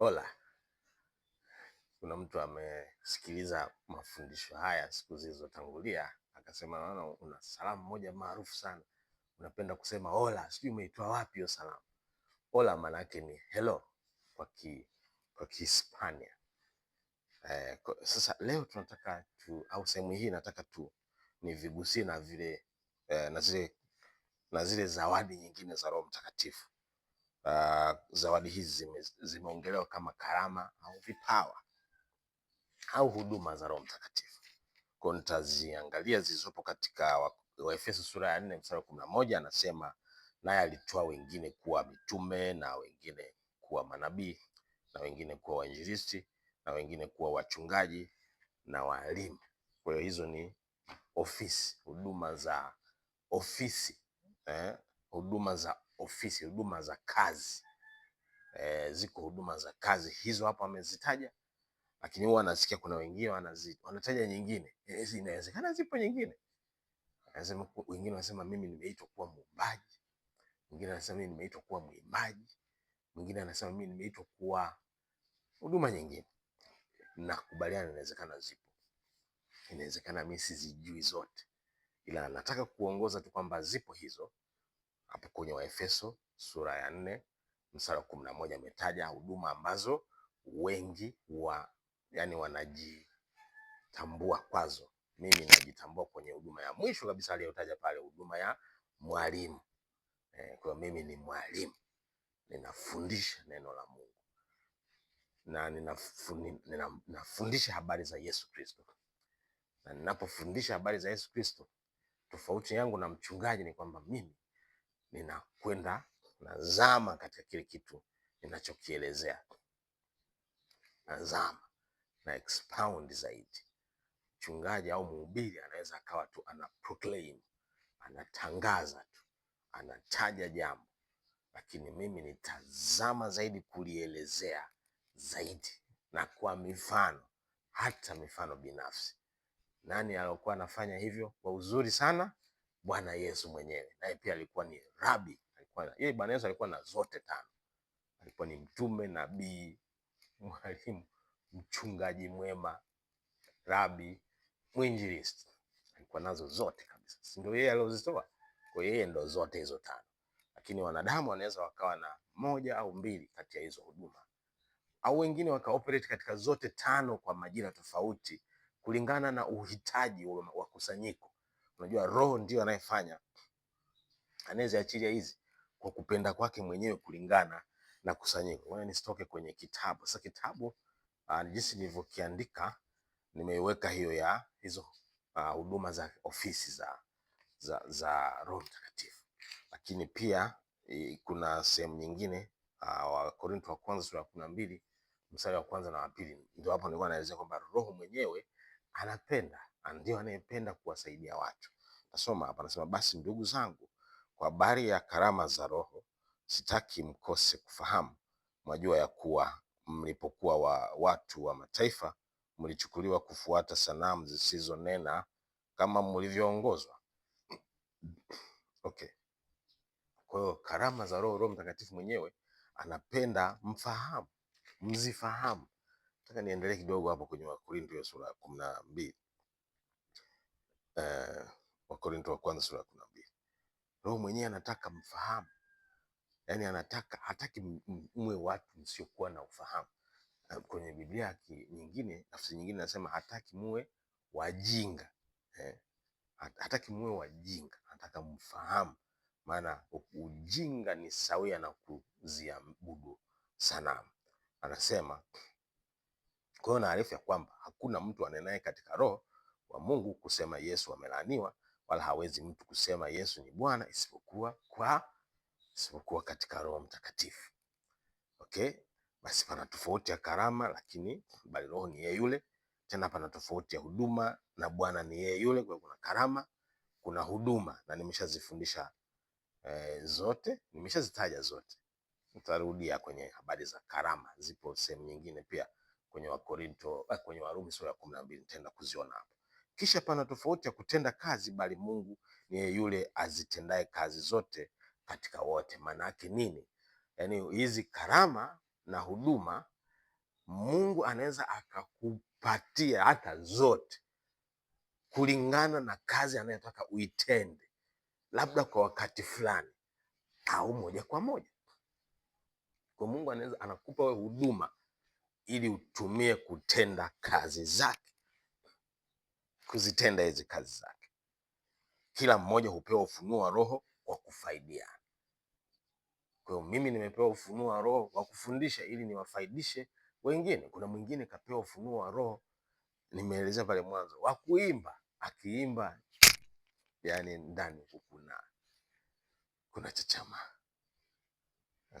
Hola, kuna mtu amesikiliza mafundisho haya siku zilizotangulia akasema, naona una salamu moja maarufu sana unapenda kusema hola, sijui umeitoa wapi hiyo salamu. Hola maana yake ni hello kwa ki kwa Kihispania. Eh, sasa leo tunataka tu au sehemu hii nataka tu ni vigusie na vile eh, na zile na zile zawadi nyingine za Roho Mtakatifu uh, zawadi hizi zimeongelewa kama karama au vipawa au huduma za Roho Mtakatifu. Kwa nitaziangalia zilizopo katika Waefeso sura ya nne mstari wa kumi na moja anasema naye alitoa wengine kuwa mitume na wengine kuwa manabii na wengine kuwa wainjilisti na wengine kuwa wachungaji na waalimu. Kwa hiyo hizo ni ofisi, huduma za ofisi eh, huduma za ofisi, huduma za kazi e, ziko huduma za kazi hizo hapa amezitaja, lakini huwa anasikia kuna wengine wanazi, wanataja nyingine. Eh, inawezekana zipo nyingine, anasema wengine wanasema mimi nimeitwa kuwa muumbaji, mwingine anasema mimi nimeitwa kuwa mwimbaji, mwingine anasema mimi nimeitwa kuwa huduma nyingine. Nakubaliana, inawezekana zipo, inawezekana mimi sizijui zote, ila nataka kuongoza tu kwamba zipo hizo hapo kwenye Waefeso sura ya nne mstari wa kumi na moja ametaja huduma ambazo wengi wa yani wanajitambua kwazo. Mimi najitambua kwenye huduma ya mwisho kabisa aliyotaja pale, huduma ya mwalimu e, Kwa mimi ni mwalimu, ninafundisha neno la Mungu na ninafundisha habari za Yesu Kristo, na ninapofundisha habari za Yesu Kristo, tofauti yangu na mchungaji ni kwamba mimi ninakwenda nazama katika kile kitu ninachokielezea, nazama na expound zaidi. Mchungaji au mhubiri anaweza akawa tu ana proclaim, anatangaza tu, anataja jambo, lakini mimi nitazama zaidi kulielezea zaidi na kwa mifano, hata mifano binafsi. Nani aliyokuwa anafanya hivyo kwa uzuri sana? Bwana Yesu mwenyewe naye pia alikuwa ni rabi, alikuwa yeye Bwana Yesu alikuwa na zote tano, alikuwa ni mtume, nabii, mwalimu, mchungaji mwema, rabi, mwinjilisti, alikuwa nazo zote kabisa, si ndio? Yeye aliozitoa kwa yeye, ndo zote hizo tano. Lakini wanadamu wanaweza wakawa na moja au mbili kati ya hizo huduma, au wengine wakaoperate katika zote tano kwa majira tofauti, kulingana na uhitaji wa kusanyiko. Unajua roho ndio anayefanya, anaweza achilia hizi kwa kupenda kwake mwenyewe kulingana na kusanyiko. Ngoja nisitoke kwenye kitabu sasa. Kitabu uh, jinsi nilivyokiandika nimeiweka hiyo ya hizo ah, huduma uh, za ofisi za za, za Roho Mtakatifu, lakini pia i, kuna sehemu nyingine uh, ah, Wakorintho wa kwanza sura ya kumi na mbili mstari wa kwanza na wa pili, ndio hapo nilikuwa naelezea kwamba roho mwenyewe anapenda ndio anayependa kuwasaidia watu. Nasoma hapa, anasema basi ndugu zangu, kwa habari ya karama za Roho sitaki mkose kufahamu. Mwajua ya kuwa mlipokuwa wa watu wa mataifa mlichukuliwa kufuata sanamu zisizonena kama mlivyoongozwa. Okay. Kwa hiyo karama za Roho, Roho Mtakatifu mwenyewe anapenda mfahamu, mzifahamu. Nataka niendelee kidogo hapo kwenye Wakorintho sura ya kumi na mbili eh, Wakorinto wa kwanza sura ya kumi na mbili. Roho mwenyewe anataka mfahamu, yani anataka hataki mwe watu msiokuwa na ufahamu. Eh, kwenye Biblia nyingine, nafsi nyingine anasema hataki muwe wajinga eh, hataki muwe wajinga, anataka mfahamu, maana ujinga ni sawia na kuziabudu sanamu. Anasema kwa hiyo naarifu ya kwamba hakuna mtu anenaye katika roho wa Mungu kusema Yesu amelaaniwa, wala hawezi mtu kusema Yesu ni Bwana isipokuwa kwa isipokuwa katika Roho Mtakatifu. Okay, basi pana tofauti ya karama, lakini bali Roho ni yeye yule. Tena pana tofauti ya huduma na Bwana ni yeye yule. Kwa kuna karama, kuna huduma, na nimeshazifundisha eh, zote nimeshazitaja zote. Nitarudia kwenye habari za karama, zipo sehemu nyingine pia kwenye Wakorinto, eh, kwenye Warumi sura ya kumi na mbili nitaenda kuziona hapo. Kisha pana tofauti ya kutenda kazi, bali Mungu ni yule azitendaye kazi zote katika wote. Maana yake nini? Yaani hizi karama na huduma Mungu anaweza akakupatia hata zote kulingana na kazi anayotaka uitende, labda kwa wakati fulani au moja kwa moja. Kwa Mungu anaweza anakupa wewe huduma ili utumie kutenda kazi zake kuzitenda hizi kazi zake. Kila mmoja hupewa ufunuo wa Roho wa kufaidiana. Kwa hiyo mimi nimepewa ufunuo wa Roho wa kufundisha ili niwafaidishe wengine. Kuna mwingine kapewa ufunuo wa Roho, nimeelezea pale mwanzo, wa kuimba, akiimba yani ndani kuna kuna chachama.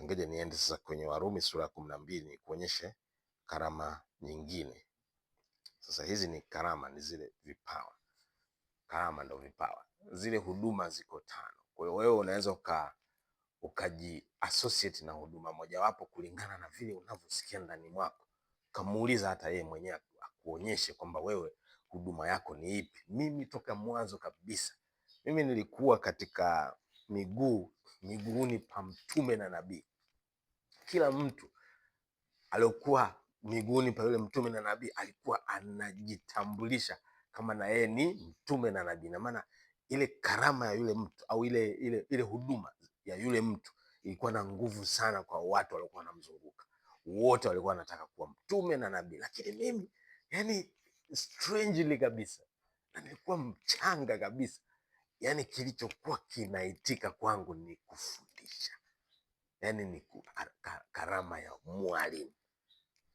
Ngoja niende sasa kwenye Warumi sura ya kumi na mbili nikuonyeshe karama nyingine. Sasa hizi ni karama, ni zile vipawa. Karama ndo vipawa, zile huduma ziko tano. Kwa hiyo wewe unaweza uka ukaji associate na huduma mojawapo kulingana na vile unavyosikia ndani mwako, ukamuuliza hata yeye mwenyewe akuonyeshe kwamba wewe huduma yako ni ipi. Mimi toka mwanzo kabisa mimi nilikuwa katika miguu miguuni pa mtume na nabii. Kila mtu aliokuwa miguuni pa yule mtume na nabii alikuwa anajitambulisha kama na yeye ni mtume na nabii. Na maana ile karama ya yule mtu au ile ile ile huduma ya yule mtu ilikuwa na nguvu sana kwa watu waliokuwa wanamzunguka. Wote walikuwa wanataka kuwa mtume na nabii, lakini mimi yani strangely kabisa na nilikuwa mchanga kabisa, yani kilichokuwa kinaitika kwangu ni kufundisha, yani ni karama ya mwalimu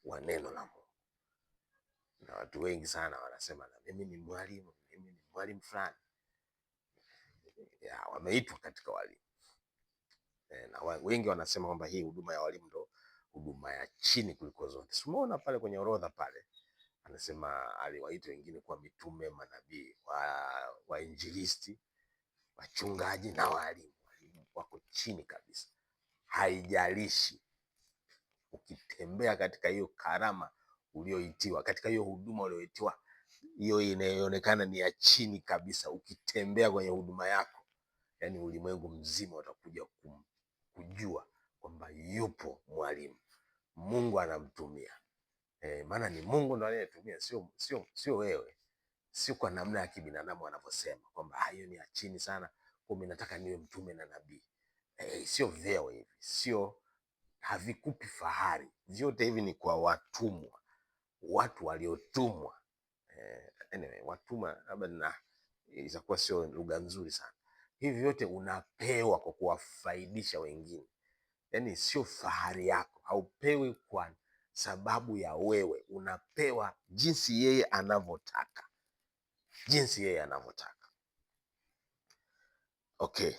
wa neno la Mungu. Na watu wengi sana wanasema na mimi ni mwalimu, mimi ni mwalimu fulani, wameitwa katika walimu e, na wengi wanasema kwamba hii huduma ya walimu ndo huduma ya chini kuliko zote. Simuona pale kwenye orodha pale anasema aliwaita wengine kuwa mitume, manabii, wainjilisti, wachungaji na walimu. Walimu wako chini kabisa, haijalishi ukitembea katika hiyo karama ulioitiwa, katika hiyo huduma ulioitiwa, hiyo inayoonekana ni ya chini kabisa, ukitembea kwenye huduma yako, yani ulimwengu mzima utakuja kum, kujua kwamba yupo mwalimu, Mungu anamtumia. E, maana ni Mungu ndo anayetumia, sio sio sio wewe, sio kwa namna ya kibinadamu wanavyosema kwamba ah, hiyo ni ya chini sana, kwa mimi nataka niwe mtume na nabii. E, sio vyeo hivi, sio havikupi fahari, vyote hivi ni kwa watumwa, watu waliotumwa. Eh, anyway, watumwa labda na itakuwa sio lugha nzuri sana. Hivi vyote unapewa kwa kuwafaidisha wengine, yaani sio fahari yako, haupewi kwa sababu ya wewe, unapewa jinsi yeye anavyotaka, jinsi yeye anavyotaka. Okay,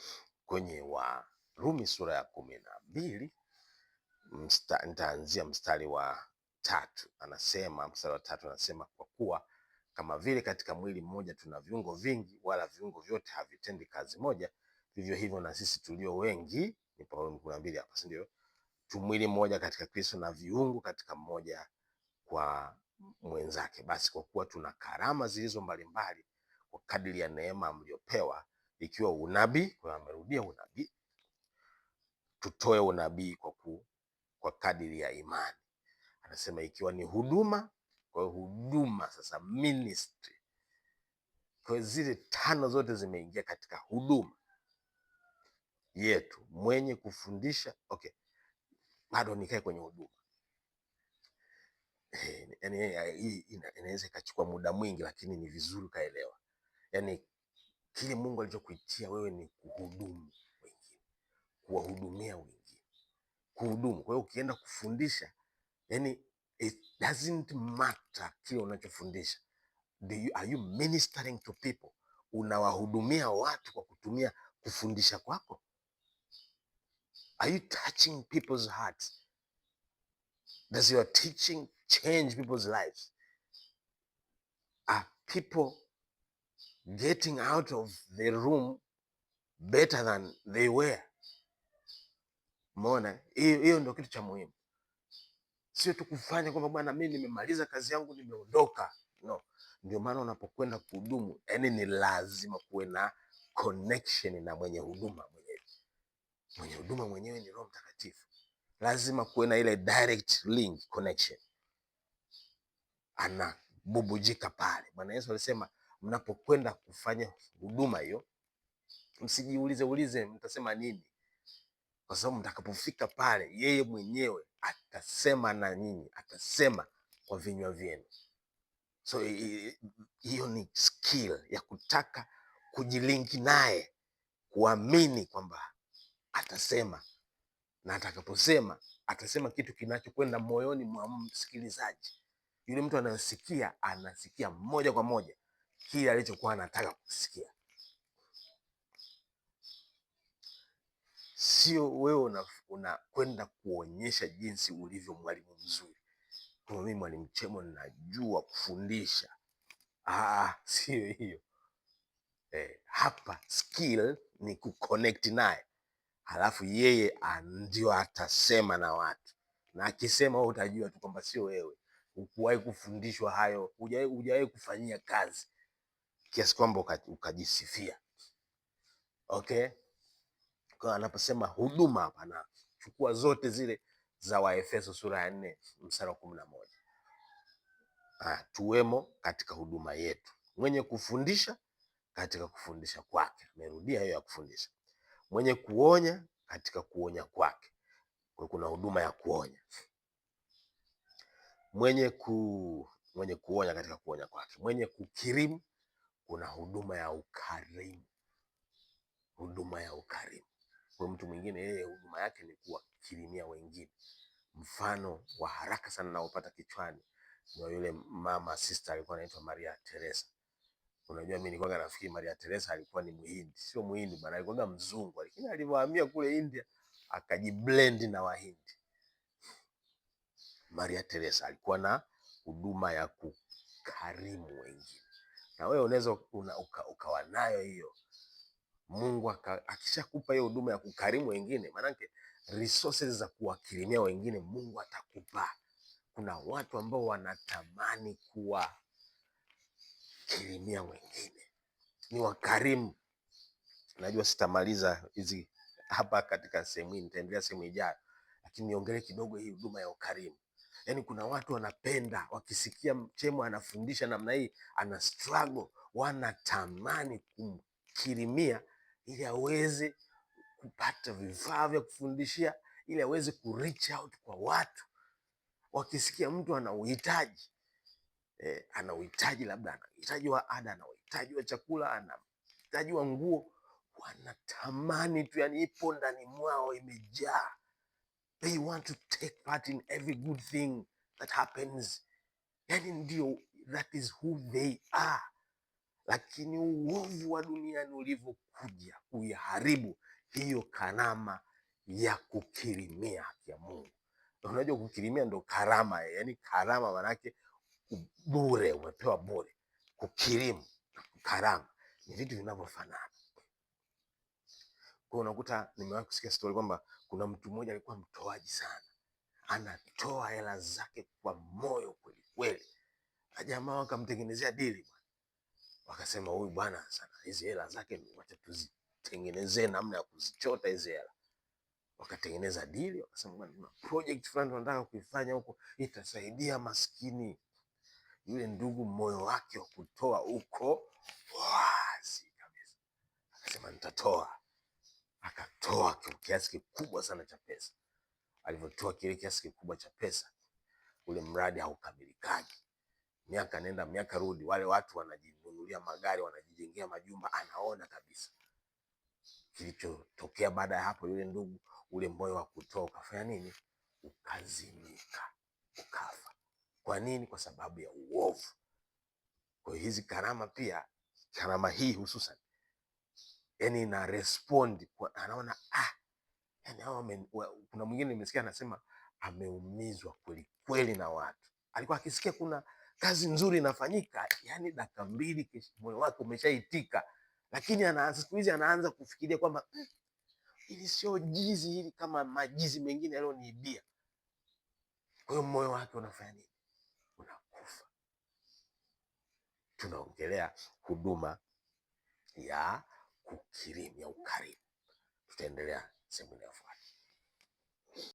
kwenye Warumi sura ya kumi na mbili msta, nitaanzia mstari wa tatu. Anasema mstari wa tatu anasema kwa kuwa kama vile katika mwili mmoja tuna viungo vingi, wala viungo vyote havitendi kazi moja, vivyo hivyo na sisi tulio wengi, ni Paulo kumi na mbili hapa, si ndio? Tu mwili mmoja katika Kristo na viungo katika mmoja kwa mwenzake. Basi kwa kuwa tuna karama zilizo mbalimbali kwa kadiri ya neema mliopewa, ikiwa unabii, kwa amerudia unabii, tutoe unabii kwa ku kwa kadiri ya imani. Anasema ikiwa ni huduma, kwa hiyo huduma sasa ministry, kwa zile tano zote zimeingia katika huduma yetu, mwenye kufundisha. Okay, bado nikae kwenye huduma yaani hii inaweza ikachukua muda mwingi, lakini ni vizuri ukaelewa, yani kile Mungu alichokuitia wewe ni kuhudumu wengine, kuwahudumia wengine kuhudumu. Kwa hiyo ukienda kufundisha, yani it doesn't matter kile unachofundisha. Do you, are you ministering to people? Unawahudumia watu kwa kutumia kufundisha kwako? Are you touching people's hearts? Does your teaching change people's lives? Are people getting out of the room better than they were? Umeona, hiyo ndio kitu cha muhimu, sio tu kufanya kwamba bwana, mimi nimemaliza kazi yangu nimeondoka. No, ndio maana unapokwenda kuhudumu, yani ni lazima kuwe na connection na mwenye huduma mwenyewe. Mwenye huduma mwenyewe ni Roho Mtakatifu, lazima kuwe na ile direct link connection. Anabubujika pale. Bwana Yesu alisema mnapokwenda kufanya huduma hiyo, msijiulize ulize mtasema nini kwa sababu mtakapofika pale, yeye mwenyewe atasema na nyinyi, atasema kwa vinywa vyenu. So hiyo ni skill ya kutaka kujilinki naye, kuamini kwamba atasema, na atakaposema atasema kitu kinachokwenda moyoni mwa msikilizaji. Yule mtu anayesikia anasikia moja kwa moja kile alichokuwa anataka kusikia. sio wewe unakwenda kuonyesha jinsi ulivyo mwalimu mzuri kama mimi mwalimu Chemo najua kufundisha. Ah, sio hiyo eh. Hapa skill ni kuconnect naye, halafu yeye ndio atasema na watu, na akisema wewe utajua tu kwamba sio wewe, ukuwahi kufundishwa hayo, hujawahi kufanyia kazi kiasi kwamba ukajisifia. Okay anaposema huduma hapa anachukua zote zile za Waefeso sura ya nne mstari wa kumi na moja ah, tuwemo katika huduma yetu, mwenye kufundisha katika kufundisha kwake, merudia hiyo ya kufundisha, mwenye kuonya katika kuonya kwake, kuna huduma ya kuonya mwenye ku mwenye kuonya katika kuonya kwake, mwenye kukirimu, kuna huduma ya ukarimu, huduma ya ukarimu. Kwa mtu mwingine yeye huduma yake ni kuwakirimia wengine. Mfano wa haraka sana naopata kichwani ni yule mama sister alikuwa anaitwa Maria Teresa. Unajua, mimi nilikuwa nafikiri Maria Teresa alikuwa ni Muhindi. Sio Muhindi bana, alikuwa mzungu, lakini alivyohamia kule India akajiblend na Wahindi. Maria Teresa alikuwa na huduma ya kukarimu wengine, na wewe unaweza ukawa nayo hiyo Mungu akishakupa hiyo huduma ya kukarimu wengine, maanake resources za kuwakirimia wengine Mungu atakupa. Kuna watu ambao wanatamani kuwakirimia wengine, ni wakarimu. Najua sitamaliza hizi hapa katika sehemu hii, nitaendelea sehemu ijayo, lakini niongelee kidogo hii huduma ya ukarimu. Yaani kuna watu wanapenda wakisikia chemo anafundisha namna hii, ana struggle, wanatamani kumkirimia ili aweze kupata vifaa vya kufundishia, ili aweze ku reach out kwa watu, wakisikia mtu ana uhitaji eh, ana uhitaji labda ana uhitaji wa ada, ana uhitaji wa chakula, ana uhitaji wa nguo, wanatamani tu, yani ipo ndani mwao imejaa, they want to take part in every good thing that happens, yani ndio, that is who they are lakini uovu wa duniani ulivyokuja kuiharibu hiyo karama ya kukirimia haki ya Mungu. Unajua, kukirimia ndo karama, yani karama manake bure, umepewa bure. Kukirimu karama ni vitu vinavyofanana. Kwa unakuta, nimewahi kusikia stori kwamba kuna mtu mmoja alikuwa mtoaji sana, anatoa hela zake kwa moyo kwelikweli, na jamaa wakamtengenezea dili bwana Wakasema huyu bwana sana, hizi hela zake wacha tuzitengenezee namna ya kuzichota hizi hela. Wakatengeneza dili, wakasema bwana, kuna project fulani tunataka kuifanya huko, itasaidia maskini. Yule ndugu moyo wake wa kutoa huko wazi kabisa, akasema nitatoa. Akatoa kiasi kikubwa sana cha pesa. Alivyotoa kile kiasi kikubwa cha pesa, ule mradi haukamilikaji, Miaka nenda miaka rudi, wale watu wanaji wanahudhuria magari, wanajijengea majumba, anaona kabisa kilichotokea. Baada ya hapo, yule ndugu, ule mboyo wa kutoa ukafanya nini? Ukazimika, ukafa. Kwa nini? Kwa sababu ya uovu. Kwa hizi karama pia, karama hii hususan, yani ina respond kwa, anaona ah, yani amen. Kuna mwingine nimesikia anasema ameumizwa kweli kweli na watu, alikuwa akisikia kuna kazi nzuri inafanyika, yani dakika mbili moyo wake umeshaitika, lakini anaanza siku hizi anaanza kufikiria kwamba hili mm, sio jizi hili kama majizi mengine yaliyoniibia. Kwa hiyo moyo wake unafanya nini? Unakufa. Tunaongelea huduma ya kukirimu ya ukarimu, tutaendelea sehemu inayofuata.